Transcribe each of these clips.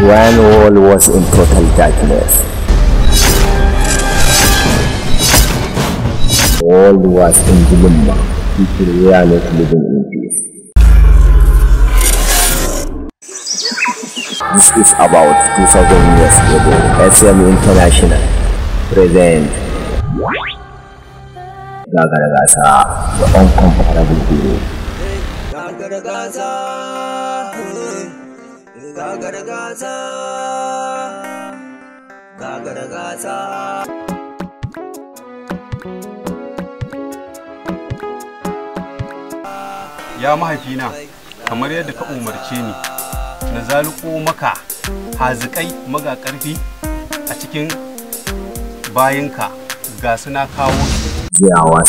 When all was in total darkness. All was in dilemma. People were not living in peace. This is about 2000 years ago. SM International present Gagaragasa, the uncomfortable guru. Gagaragasa. ya mahaifina kamar yadda ka umarce ni na zaluko maka hazikai maga karfi a cikin bayinka ga suna kawo yawa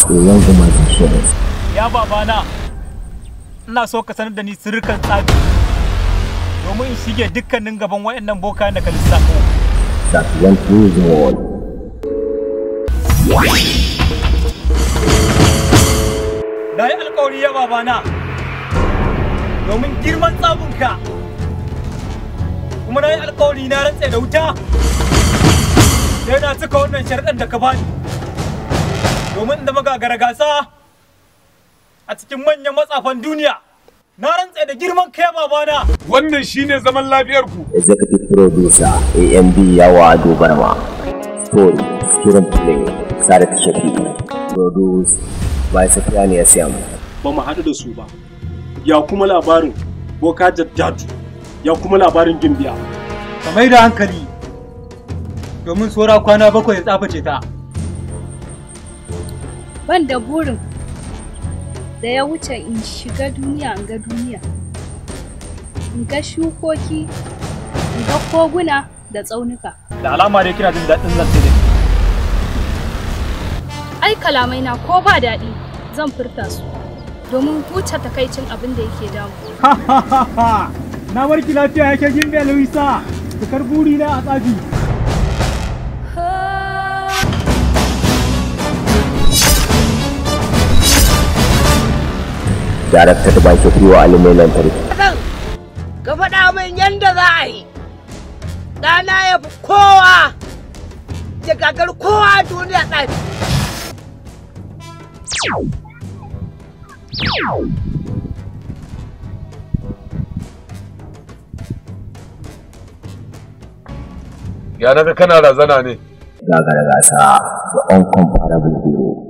ya babana ina so ka sanar da ni sirrikan tsabi domin shige dukkanin gaban wa'annan boka da ka lissafo. That went through Na yi alkawari ya babana domin girman tsabinka kuma na yi alkawari na rantse da wuta na cika wannan sharɗan da ka bani domin da magagara gasa a cikin manyan matsafan duniya. na rantse da girman kai babana wannan shine zaman lafiyar ku executive producer AMD yawa Ado Barma story student play ta shafi produce by Safiyani Asiam ba mu haɗu da su ba ya kuma labarin Boka Jaddadu ya kuma labarin Gimbiya ka mai da hankali domin tsora kwana bakwai ya tsaface ta ban da burin da ya wuce in shiga duniya in ga duniya in ga shukoki in ga koguna da tsaunuka da alama dai kina jin daɗin zance ne ai kalamai na ko ba daɗi zan furta su domin huce takaicin abin da yake damu na barki lafiya yake jin bai luisa tukar buri na a tsafi darakta ta baki kuwa alimai lantarki. Ka faɗa min yadda za a yi, ɗana ya fi kowa, ya gagar kowa duniya ɗan. Ya naga kana razana ne. Gagara gasa, the uncomparable hero.